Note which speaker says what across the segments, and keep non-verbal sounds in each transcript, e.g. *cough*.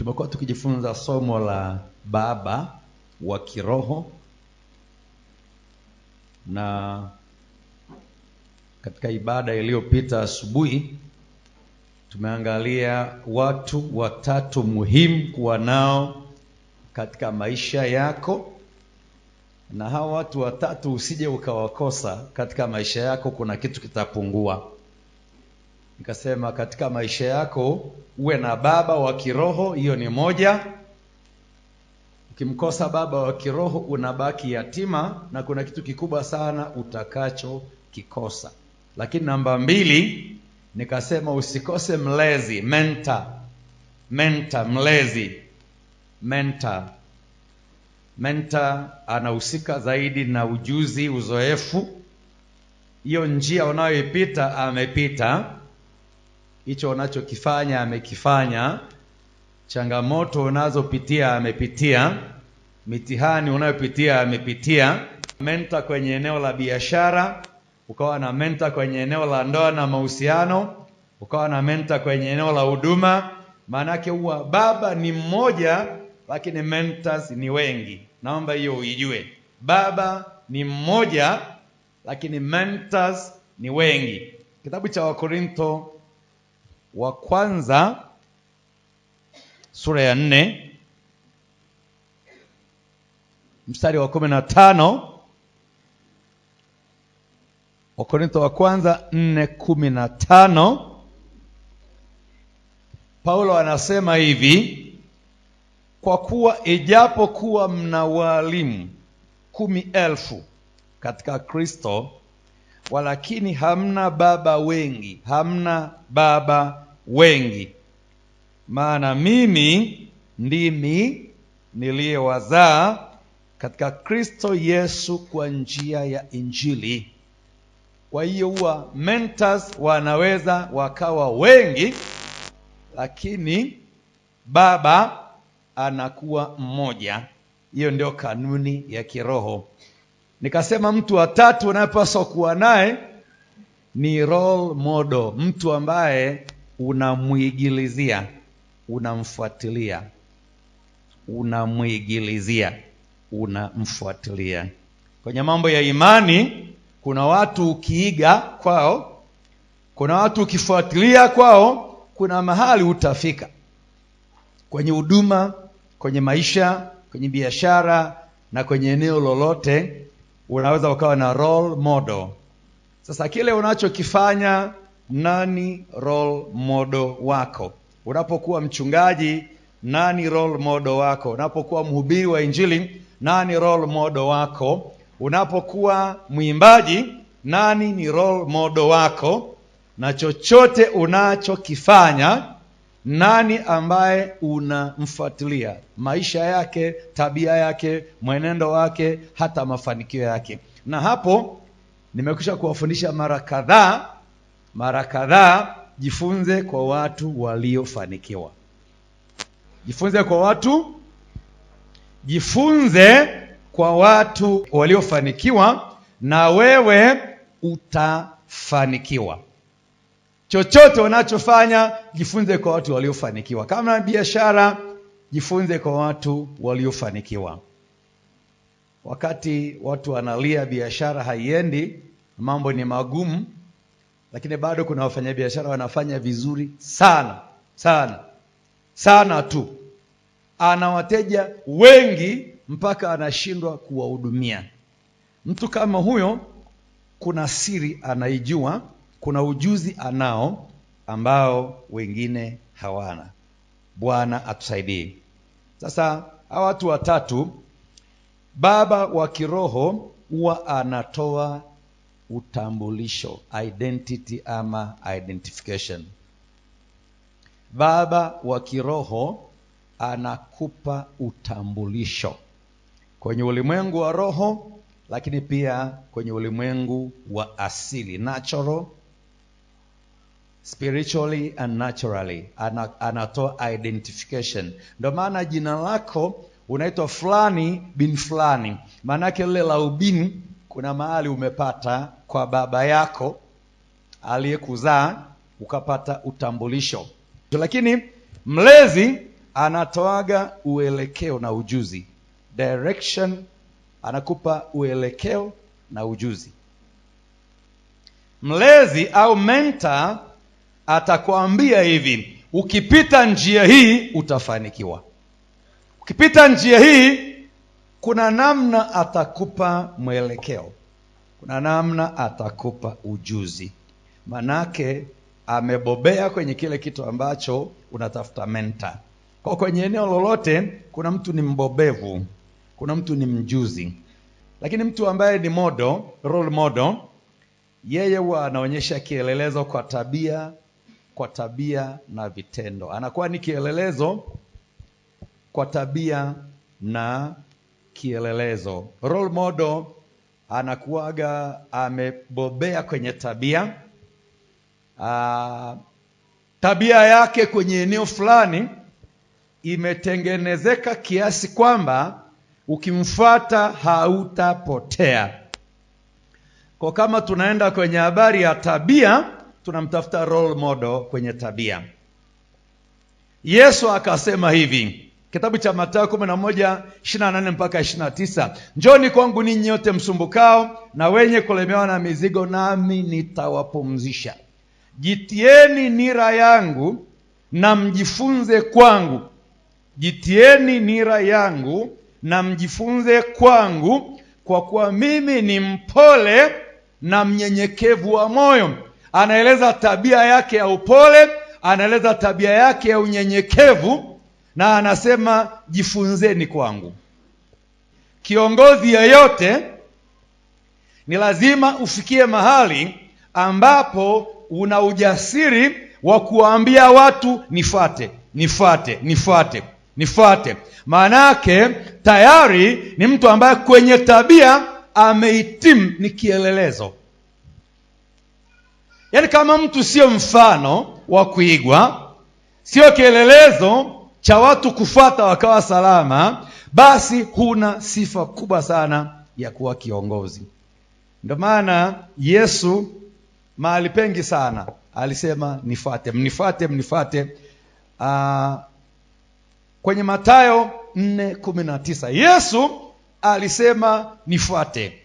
Speaker 1: tumekuwa tukijifunza somo la baba wa kiroho na katika ibada iliyopita asubuhi tumeangalia watu watatu muhimu kuwa nao katika maisha yako na hawa watu watatu usije ukawakosa katika maisha yako kuna kitu kitapungua Nikasema katika maisha yako uwe na baba wa kiroho, hiyo ni moja. Ukimkosa baba wa kiroho unabaki yatima, na kuna kitu kikubwa sana utakachokikosa. Lakini namba mbili, nikasema usikose mlezi, menta menta mlezi, menta menta anahusika zaidi na ujuzi, uzoefu. Hiyo njia unayoipita amepita hicho unachokifanya amekifanya, changamoto unazopitia amepitia, mitihani unayopitia amepitia, menta kwenye eneo la biashara, ukawa na menta kwenye eneo la ndoa na mahusiano, ukawa na menta kwenye eneo la huduma. Maanake huwa baba ni mmoja, lakini mentors ni wengi. Naomba hiyo uijue, baba ni mmoja, lakini mentors ni wengi. Kitabu cha Wakorinto wa kwanza sura ya nne mstari wa kumi na tano Wakorintho wa kwanza nne kumi na tano Paulo anasema hivi kwa kuwa ijapokuwa mna waalimu kumi elfu katika Kristo walakini hamna baba wengi, hamna baba wengi, maana mimi ndimi niliyewazaa katika Kristo Yesu kwa njia ya Injili. Kwa hiyo huwa mentors wanaweza wakawa wengi, lakini baba anakuwa mmoja. Hiyo ndio kanuni ya kiroho. Nikasema mtu wa tatu unayepaswa kuwa naye ni role model, mtu ambaye unamwigilizia, unamfuatilia, unamwigilizia, unamfuatilia. Kwenye mambo ya imani, kuna watu ukiiga kwao, kuna watu ukifuatilia kwao, kuna mahali utafika kwenye huduma, kwenye maisha, kwenye biashara na kwenye eneo lolote unaweza ukawa na role model. Sasa kile unachokifanya, nani role model wako? Unapokuwa mchungaji, nani role model wako? Unapokuwa mhubiri wa Injili, nani role model wako? Unapokuwa mwimbaji, nani ni role model wako? Na chochote unachokifanya nani ambaye unamfuatilia maisha yake, tabia yake, mwenendo wake, hata mafanikio yake? Na hapo nimekwisha kuwafundisha mara kadhaa, mara kadhaa, jifunze kwa watu waliofanikiwa, jifunze kwa watu, jifunze kwa watu waliofanikiwa, na wewe utafanikiwa. Chochote unachofanya jifunze kwa watu waliofanikiwa. Kama biashara, jifunze kwa watu waliofanikiwa. Wakati watu wanalia biashara haiendi, mambo ni magumu, lakini bado kuna wafanyabiashara wanafanya vizuri sana sana sana tu, ana wateja wengi mpaka anashindwa kuwahudumia. Mtu kama huyo, kuna siri anaijua kuna ujuzi anao ambao wengine hawana. Bwana atusaidie. Sasa hawa watu watatu, baba wa kiroho huwa anatoa utambulisho, identity ama identification. Baba wa kiroho anakupa utambulisho kwenye ulimwengu wa roho, lakini pia kwenye ulimwengu wa asili natural spiritually and naturally, ana, anatoa identification. Ndio maana jina lako unaitwa fulani bin fulani, maanake lile la ubini kuna mahali umepata kwa baba yako aliyekuzaa ukapata utambulisho, lakini mlezi anatoaga uelekeo na ujuzi, direction, anakupa uelekeo na ujuzi. Mlezi au mentor atakwambia hivi, ukipita njia hii utafanikiwa. Ukipita njia hii, kuna namna atakupa mwelekeo, kuna namna atakupa ujuzi, manake amebobea kwenye kile kitu ambacho unatafuta menta Kwa kwenye eneo lolote, kuna mtu ni mbobevu, kuna mtu ni mjuzi, lakini mtu ambaye ni modo, role model, yeye huwa anaonyesha kielelezo kwa tabia kwa tabia na vitendo. Anakuwa ni kielelezo kwa tabia na kielelezo. Role model anakuwaga amebobea kwenye tabia a, ah, tabia yake kwenye eneo fulani imetengenezeka kiasi kwamba ukimfuata hautapotea. Kwa kama tunaenda kwenye habari ya tabia tunamtafuta role model kwenye tabia. Yesu akasema hivi, kitabu cha Mathayo 11 mpaka 29, njoni kwangu ninyi nyote msumbukao na wenye kulemewa na mizigo, nami nitawapumzisha. Jitieni nira yangu na mjifunze kwangu, jitieni nira yangu na mjifunze kwangu, kwa kuwa mimi ni mpole na mnyenyekevu wa moyo anaeleza tabia yake ya upole, anaeleza tabia yake ya unyenyekevu, na anasema jifunzeni kwangu. Kiongozi yeyote ni lazima ufikie mahali ambapo una ujasiri wa kuwaambia watu nifate, nifate, nifate, nifate. Maana yake tayari ni mtu ambaye kwenye tabia amehitimu, ni kielelezo Yaani kama mtu sio mfano wa kuigwa, sio kielelezo cha watu kufuata wakawa salama, basi huna sifa kubwa sana ya kuwa kiongozi. Ndio maana Yesu mahali pengi sana alisema nifuate, mnifuate, mnifuate. Aa, ah, kwenye Mathayo 419 na tisa Yesu alisema nifuate.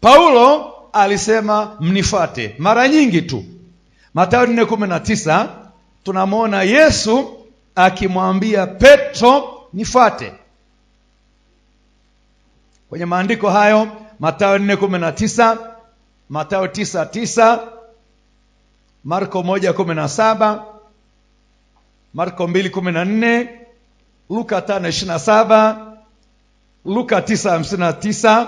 Speaker 1: Paulo alisema mnifate mara nyingi tu matayo 419 tunamwona yesu akimwambia petro nifate kwenye maandiko hayo matayo 419 matayo 99 marko 117 marko 214 luka 527 luka 959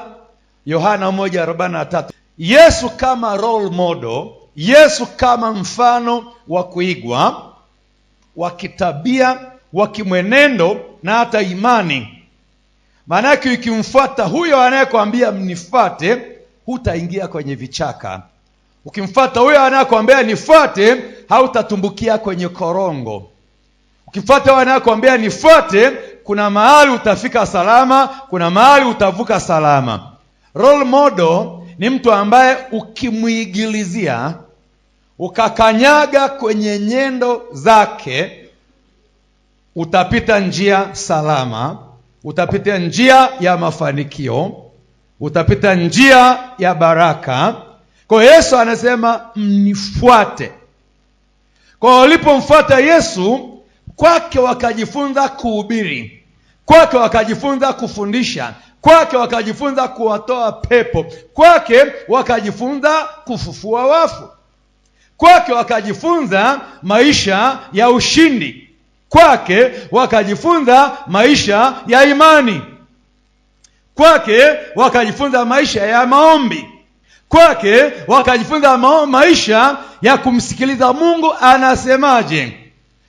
Speaker 1: yohana 143 Yesu kama role model, Yesu kama mfano wa kuigwa wa kitabia, wa kimwenendo na hata imani. Maana yake ukimfuata huyo anayekwambia mnifuate, hutaingia kwenye vichaka. Ukimfuata huyo anayekwambia nifuate, hautatumbukia kwenye korongo. ukifuata huyo anayekwambia nifuate, kuna mahali utafika salama, kuna mahali utavuka salama. Role model ni mtu ambaye ukimwigilizia ukakanyaga kwenye nyendo zake utapita njia salama, utapita njia ya mafanikio, utapita njia ya baraka. Kwa Yesu anasema mnifuate. Kwa walipomfuata Yesu, kwake wakajifunza kuhubiri, kwake wakajifunza kufundisha, kwake wakajifunza kuwatoa pepo, kwake wakajifunza kufufua wafu, kwake wakajifunza maisha ya ushindi, kwake wakajifunza maisha ya imani, kwake wakajifunza maisha ya maombi kwake wakajifunza maisha ya kumsikiliza Mungu anasemaje.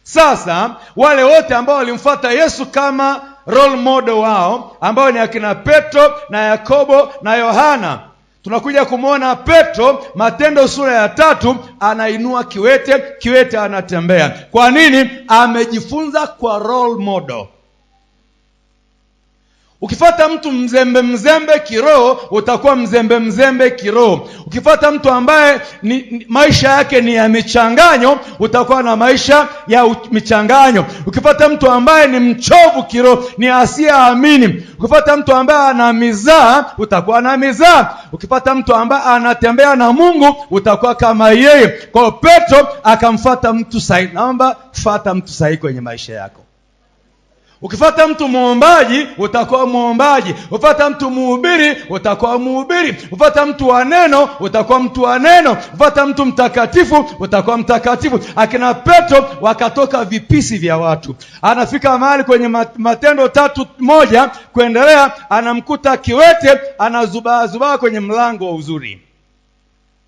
Speaker 1: Sasa wale wote ambao walimfuata Yesu kama role model wao ambao ni akina Petro na Yakobo na Yohana. Tunakuja kumwona Petro, Matendo sura ya tatu, anainua kiwete, kiwete anatembea. Kwa nini? Amejifunza kwa role model. Ukifata mtu mzembe mzembe kiroho utakuwa mzembe mzembe kiroho. Ukifata mtu ambaye ni, ni, maisha yake ni ya michanganyo utakuwa na maisha ya u, michanganyo. Ukifata mtu ambaye ni mchovu kiroho, ni asiyeamini, ukifata mtu ambaye ana mizaa utakuwa na mizaa. Ukifata mtu ambaye anatembea na Mungu utakuwa kama yeye. Kwa hiyo Petro akamfata mtu sahihi. Naomba fata mtu sahihi kwenye maisha yako. Ukifata mtu mwombaji utakuwa mwombaji, ufata mtu muubiri utakuwa muubiri ufata mtu wa neno utakuwa mtu wa neno, ufata mtu mtakatifu utakuwa mtakatifu. Akina Petro wakatoka vipisi vya watu, anafika mahali kwenye Matendo tatu moja kuendelea, anamkuta kiwete anazubaazubaa kwenye mlango wa uzuri.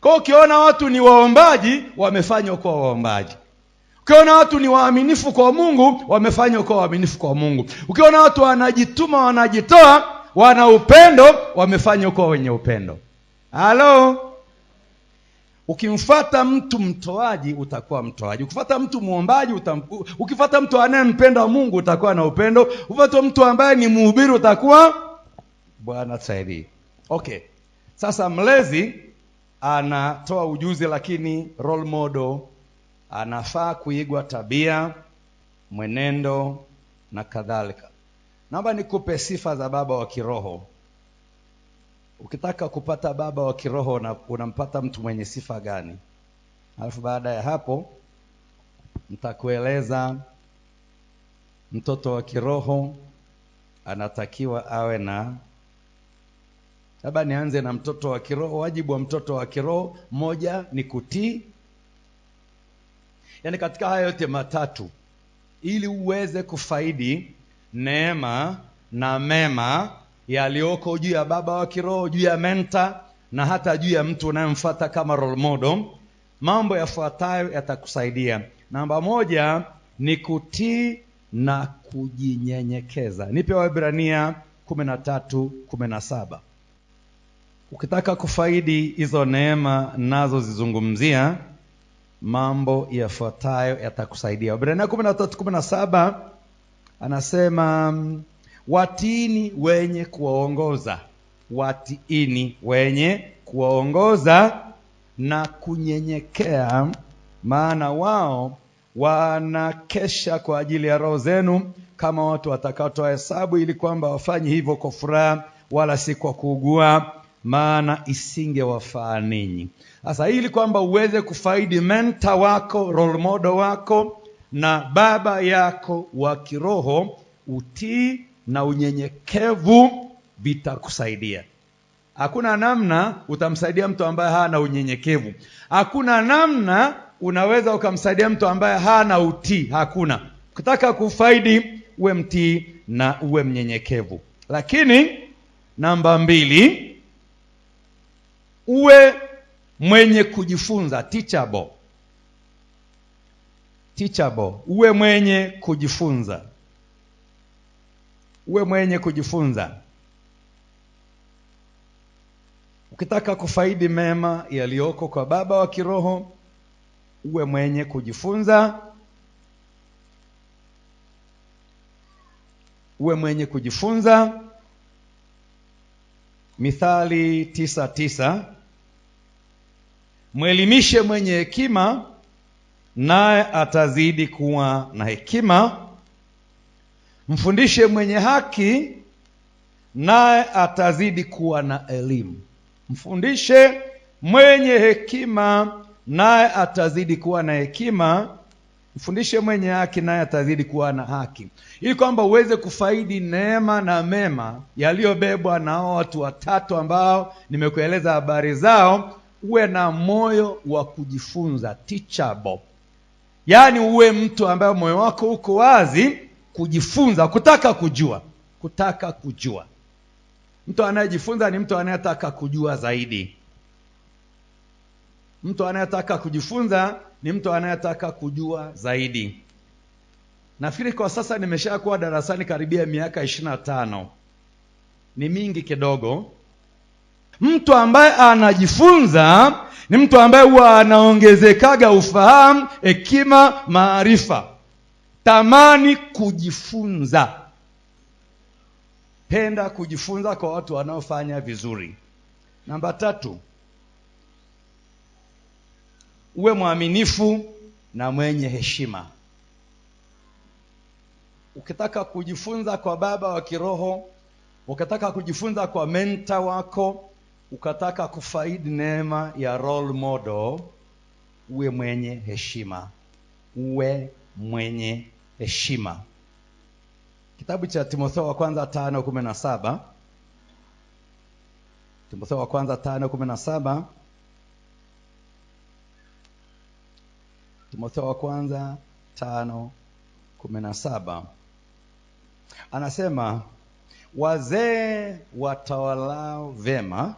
Speaker 1: Kwa ukiona watu ni waombaji, wamefanywa kuwa waombaji. Ukiona watu ni waaminifu kwa Mungu, wamefanya uko waaminifu kwa Mungu. Ukiona watu wanajituma, wanajitoa, wana upendo, wamefanya uko wenye upendo. Halo. Ukimfata mtu mtoaji utakuwa mtoaji. Ukifata mtu mwombaji utam... ukifata mtu anayempenda Mungu utakuwa na upendo. Ukifata mtu ambaye ni mhubiri utakuwa Bwana tusaidie. Okay. Sasa mlezi anatoa ujuzi, lakini role model anafaa kuigwa tabia, mwenendo na kadhalika. Naomba nikupe sifa za baba wa kiroho. Ukitaka kupata baba wa kiroho unampata mtu mwenye sifa gani? Alafu baada ya hapo nitakueleza mtoto wa kiroho anatakiwa awe na labda nianze na mtoto wa kiroho. Wajibu wa mtoto wa kiroho, moja ni kutii yaani katika haya yote matatu ili uweze kufaidi neema na mema yaliyoko juu ya baba wa kiroho juu ya menta na hata juu ya mtu unayemfuata kama role model mambo yafuatayo yatakusaidia namba moja ni kutii na kujinyenyekeza nipe waibrania kumi na tatu kumi na saba ukitaka kufaidi hizo neema nazo zizungumzia mambo yafuatayo yatakusaidia. Waebrania kumi na tatu kumi na saba anasema watiini wenye kuwaongoza, watiini wenye kuwaongoza na kunyenyekea, maana wao wanakesha kwa ajili ya roho zenu, kama watu watakatoa hesabu, ili kwamba wafanye hivyo kwa furaha, wala si kwa kuugua maana isingewafaa ninyi. Sasa ili kwamba uweze kufaidi menta wako, role model wako na baba yako wa kiroho, utii na unyenyekevu vitakusaidia. Hakuna namna utamsaidia mtu ambaye hana unyenyekevu. Hakuna namna unaweza ukamsaidia mtu ambaye hana utii. Hakuna. Ukitaka kufaidi, uwe mtii na uwe mnyenyekevu. Lakini namba mbili uwe mwenye kujifunza teachable. Teachable, uwe mwenye kujifunza, uwe mwenye kujifunza. Ukitaka kufaidi mema yaliyoko kwa Baba wa kiroho, uwe mwenye kujifunza, uwe mwenye kujifunza. Mithali tisa tisa mwelimishe mwenye hekima naye atazidi kuwa na hekima, mfundishe mwenye haki naye atazidi kuwa na elimu. Mfundishe mwenye hekima naye atazidi kuwa na hekima, mfundishe mwenye haki naye atazidi kuwa na haki, ili kwamba uweze kufaidi neema na mema yaliyobebwa na watu watatu ambao nimekueleza habari zao uwe na moyo wa kujifunza teachable, yaani uwe mtu ambaye moyo wako uko wazi kujifunza, kutaka kujua, kutaka kujua. Mtu anayejifunza ni mtu anayetaka kujua zaidi. Mtu anayetaka kujifunza ni mtu anayetaka kujua zaidi. Nafikiri kwa sasa nimeshakuwa darasani karibia miaka ishirini na tano, ni mingi kidogo Mtu ambaye anajifunza ni mtu ambaye huwa anaongezekaga ufahamu, hekima, maarifa. Tamani kujifunza, penda kujifunza kwa watu wanaofanya vizuri. Namba tatu, uwe mwaminifu na mwenye heshima. Ukitaka kujifunza kwa baba wa kiroho, ukitaka kujifunza kwa menta wako ukataka kufaidi neema ya role model, uwe mwenye heshima, uwe mwenye heshima. Kitabu cha Timotheo wa kwanza tano kumi na saba Timotheo wa kwanza tano kumi na saba Timotheo wa kwanza tano kumi na saba anasema wazee watawalao vema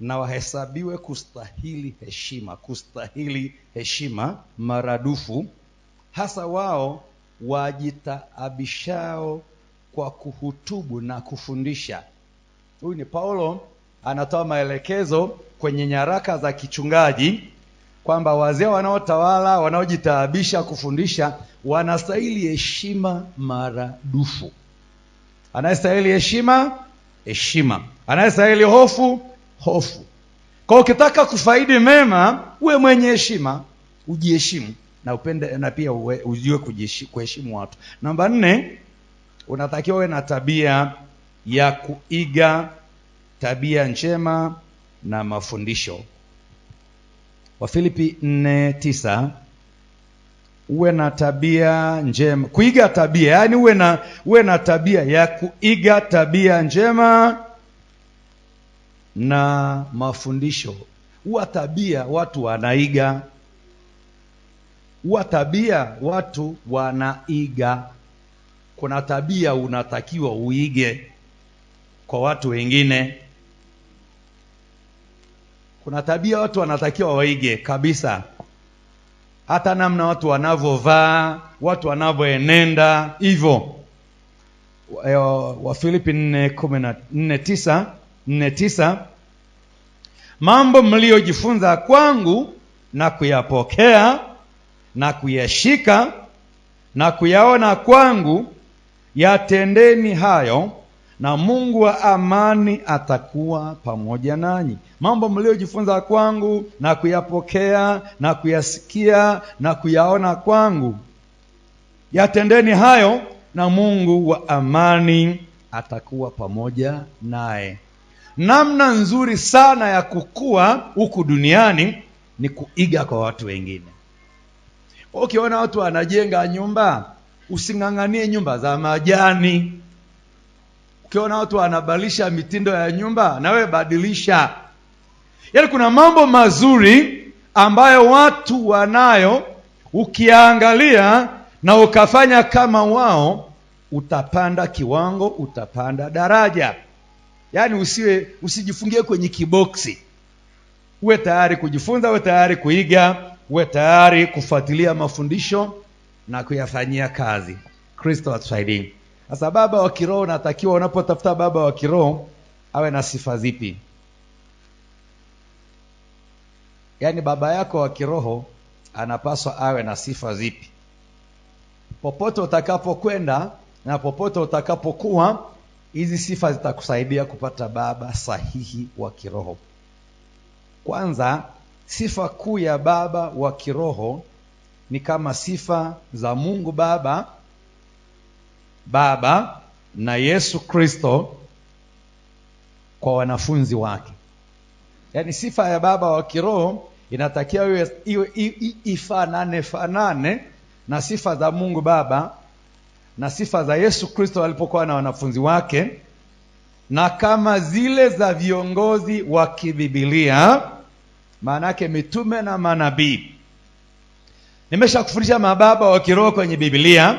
Speaker 1: na wahesabiwe kustahili heshima, kustahili heshima maradufu, hasa wao wajitaabishao kwa kuhutubu na kufundisha. Huyu ni Paulo anatoa maelekezo kwenye nyaraka za kichungaji kwamba wazee wanaotawala, wanaojitaabisha kufundisha, wanastahili heshima maradufu. Anayestahili heshima heshima, anayestahili hofu hofu. Kwa ukitaka kufaidi mema, uwe mwenye heshima, ujiheshimu na upende, na pia uwe, ujue kuheshimu watu. Namba nne, unatakiwa uwe na tabia ya kuiga tabia njema na mafundisho. Wafilipi 4:9 uwe na tabia njema, kuiga tabia, yaani uwe na uwe na tabia ya kuiga tabia njema na mafundisho. Huwa tabia watu wanaiga, huwa tabia watu wanaiga. Kuna tabia unatakiwa uige kwa watu wengine, kuna tabia watu wanatakiwa waige kabisa, hata namna watu wanavyovaa, watu wanavyoenenda hivyo. Wafilipi eh, nne kumi na nne tisa 49 mambo mliyojifunza kwangu na kuyapokea na kuyashika na kuyaona kwangu, yatendeni hayo, na Mungu wa amani atakuwa pamoja nanyi. Mambo mliyojifunza kwangu na kuyapokea na kuyasikia na kuyaona kwangu, yatendeni hayo, na Mungu wa amani atakuwa pamoja naye. Namna nzuri sana ya kukua huku duniani ni kuiga kwa watu wengine. Ukiona watu wanajenga nyumba, using'ang'anie nyumba za majani. Ukiona watu wanabadilisha mitindo ya nyumba, na wewe badilisha. Yaani kuna mambo mazuri ambayo watu wanayo, ukiangalia na ukafanya kama wao, utapanda kiwango, utapanda daraja yaani usiwe usijifungie kwenye kiboksi, uwe tayari kujifunza, uwe tayari kuiga, uwe tayari kufuatilia mafundisho na kuyafanyia kazi. Kristo atusaidie. Sasa baba wa kiroho, natakiwa unapotafuta baba wa kiroho awe na sifa zipi? Yaani baba yako wa kiroho anapaswa awe na sifa zipi? Popote utakapokwenda na popote utakapokuwa Hizi sifa zitakusaidia kupata baba sahihi wa kiroho. Kwanza, sifa kuu ya baba wa kiroho ni kama sifa za Mungu Baba, Baba na Yesu Kristo kwa wanafunzi wake. Yaani sifa ya baba wa kiroho inatakiwa iwe ifanane fanane na sifa za Mungu Baba na sifa za Yesu Kristo alipokuwa na wanafunzi wake na kama zile za viongozi wa kibibilia, maana yake mitume na manabii. Nimeshakufundisha mababa wa kiroho kwenye Biblia.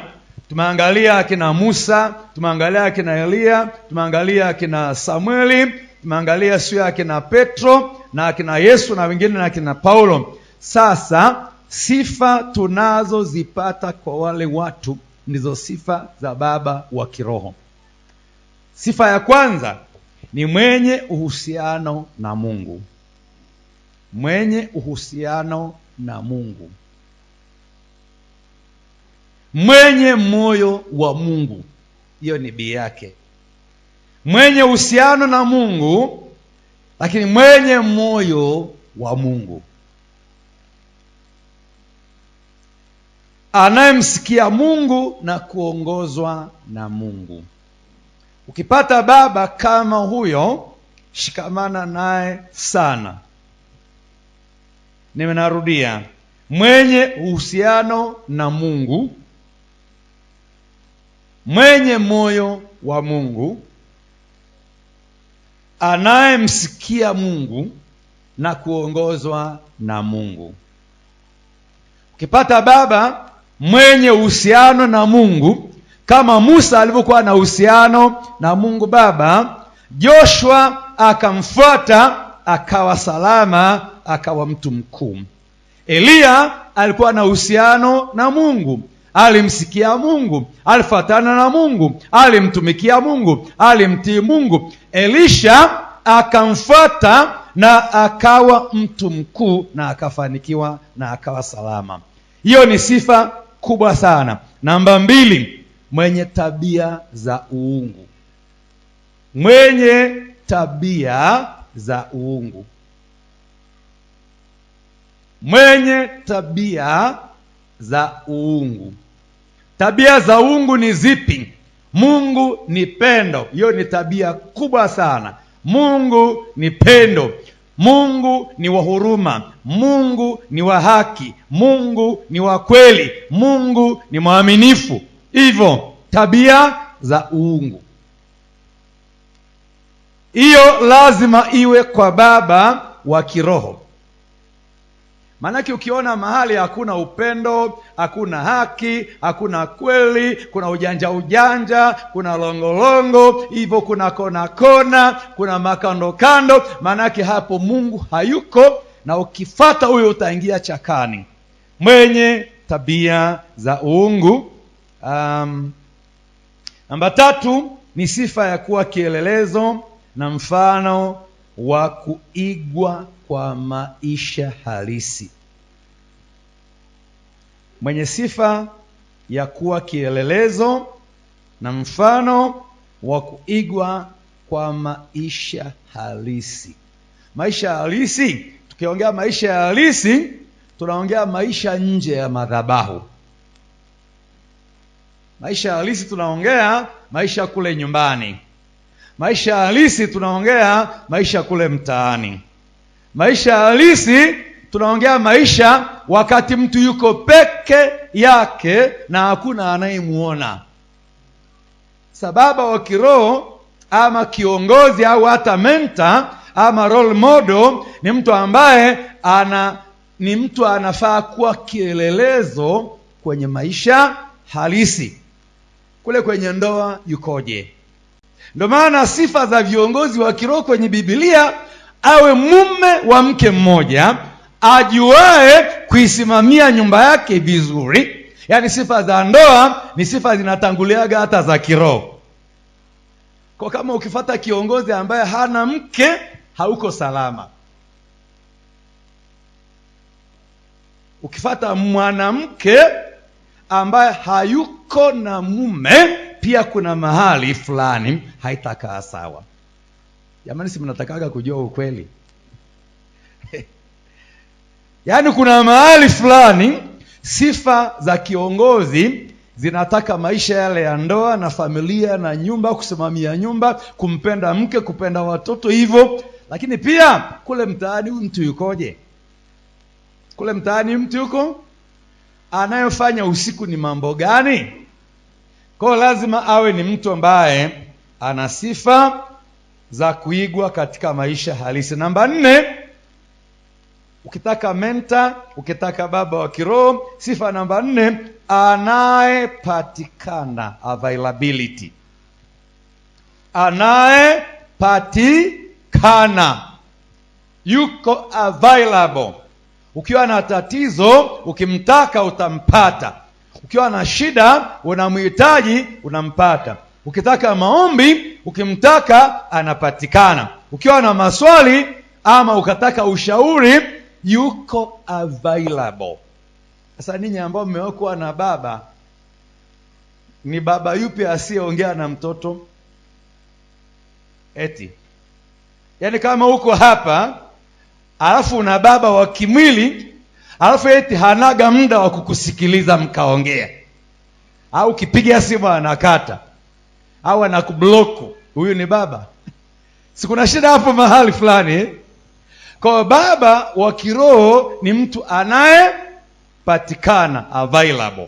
Speaker 1: Tumeangalia akina Musa, tumeangalia akina Eliya, tumeangalia akina Samueli, tumeangalia sio akina Petro na akina Yesu na wengine na akina Paulo. Sasa sifa tunazozipata kwa wale watu ndizo sifa za baba wa kiroho. Sifa ya kwanza ni mwenye uhusiano na Mungu, mwenye uhusiano na Mungu, mwenye moyo wa Mungu. Hiyo ni bii yake, mwenye uhusiano na Mungu, lakini mwenye moyo wa Mungu. anayemsikia Mungu na kuongozwa na Mungu. Ukipata baba kama huyo, shikamana naye sana. Nimenarudia, mwenye uhusiano na Mungu, mwenye moyo wa Mungu, anayemsikia Mungu na kuongozwa na Mungu. Ukipata baba mwenye uhusiano na Mungu kama Musa alivyokuwa na uhusiano na Mungu Baba. Joshua akamfuata akawa salama, akawa mtu mkuu. Eliya alikuwa na uhusiano na Mungu, alimsikia Mungu, alifuatana na Mungu, alimtumikia Mungu, alimtii Mungu. Elisha akamfuata na akawa mtu mkuu na akafanikiwa na akawa salama. Hiyo ni sifa kubwa sana. Namba mbili, mwenye tabia za uungu, mwenye tabia za uungu, mwenye tabia za uungu. Tabia za uungu ni zipi? Mungu ni pendo, hiyo ni tabia kubwa sana. Mungu ni pendo. Mungu ni wa huruma, Mungu ni wa haki, Mungu ni wa kweli, Mungu ni mwaminifu. Hivyo tabia za uungu, hiyo lazima iwe kwa baba wa kiroho. Maanake ukiona mahali hakuna upendo, hakuna haki, hakuna kweli, kuna ujanja ujanja, kuna longolongo hivyo, kuna kona kona, kuna makando kando, maanake hapo Mungu hayuko, na ukifata huyo utaingia chakani, mwenye tabia za uungu. Um, namba tatu ni sifa ya kuwa kielelezo na mfano wa kuigwa kwa maisha halisi. Mwenye sifa ya kuwa kielelezo na mfano wa kuigwa kwa maisha halisi. Maisha halisi, tukiongea maisha halisi, tunaongea maisha nje ya madhabahu. Maisha halisi tunaongea maisha kule nyumbani. Maisha halisi tunaongea maisha kule mtaani. Maisha halisi tunaongea maisha wakati mtu yuko peke yake na hakuna anayemwona. Sababa wa kiroho ama kiongozi au hata menta ama role model ni mtu ambaye ana ni mtu anafaa kuwa kielelezo kwenye maisha halisi. Kule kwenye ndoa yukoje? Ndio maana sifa za viongozi wa kiroho kwenye Biblia awe mume wa mke mmoja ajuae kuisimamia nyumba yake vizuri. Yaani sifa za ndoa ni sifa zinatanguliaga hata za kiroho. Kwa kama ukifata kiongozi ambaye hana mke hauko salama. Ukifata mwanamke ambaye hayuko na mume, pia kuna mahali fulani haitakaa sawa. Jamani, si mnatakaga kujua ukweli? *laughs* Yaani kuna mahali fulani sifa za kiongozi zinataka maisha yale ya ndoa na familia na nyumba, kusimamia nyumba, kumpenda mke, kupenda watoto hivyo. Lakini pia kule mtaani mtu yukoje? Kule mtaani mtu yuko anayofanya usiku ni mambo gani? Kwa lazima awe ni mtu ambaye ana sifa za kuigwa katika maisha halisi. Namba nne, ukitaka menta, ukitaka baba wa kiroho, sifa namba nne, anayepatikana, availability, anayepatikana, yuko available. Ukiwa na tatizo, ukimtaka utampata. Ukiwa na shida, unamhitaji, unampata. Ukitaka maombi, ukimtaka anapatikana. Ukiwa na maswali ama ukataka ushauri, yuko available. Sasa ninyi ambao mmewekuwa na baba, ni baba yupi asiyeongea na mtoto? Eti yaani kama uko hapa alafu una baba wa kimwili alafu eti hanaga muda wa kukusikiliza mkaongea, au ukipiga simu anakata au anakubloku huyu ni baba. *laughs* Sikuna shida hapo mahali fulani kwao eh? Kwa baba wa kiroho ni mtu anayepatikana available.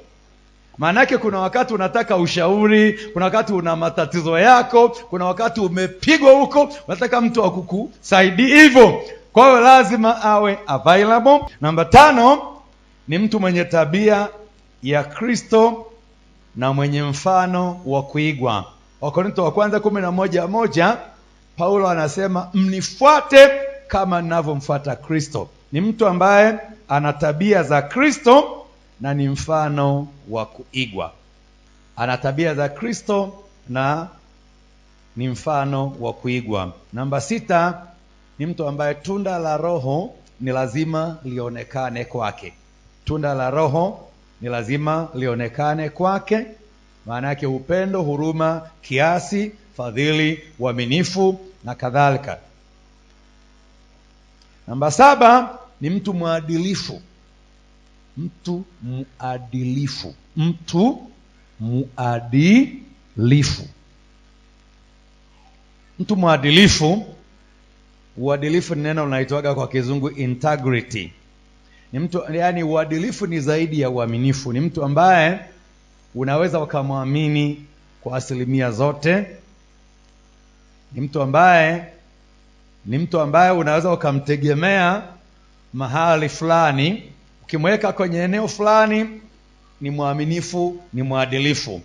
Speaker 1: Maanake kuna wakati unataka ushauri, kuna wakati una matatizo yako, kuna wakati umepigwa huko, unataka mtu akukusaidia hivyo. Kwa hiyo lazima awe available. Namba tano ni mtu mwenye tabia ya Kristo na mwenye mfano wa kuigwa. Wakorintho wa kwanza kumi na moja moja Paulo anasema mnifuate kama ninavyomfuata Kristo. Ni mtu ambaye ana tabia za Kristo na ni mfano wa kuigwa. Ana tabia za Kristo na ni mfano wa kuigwa. Namba sita, ni mtu ambaye tunda la Roho ni lazima lionekane kwake. Tunda la Roho ni lazima lionekane kwake maana yake upendo, huruma, kiasi, fadhili, uaminifu na kadhalika. Namba saba ni mtu mwadilifu. Mtu muadilifu, mtu muadilifu, mtu mwadilifu. Uadilifu ni neno unaitwaga kwa kizungu integrity. Ni mtu, yani uadilifu ni zaidi ya uaminifu, ni mtu ambaye unaweza ukamwamini kwa asilimia zote. Ni mtu ambaye ni mtu ambaye unaweza ukamtegemea mahali fulani, ukimweka kwenye eneo fulani, ni mwaminifu, ni mwadilifu.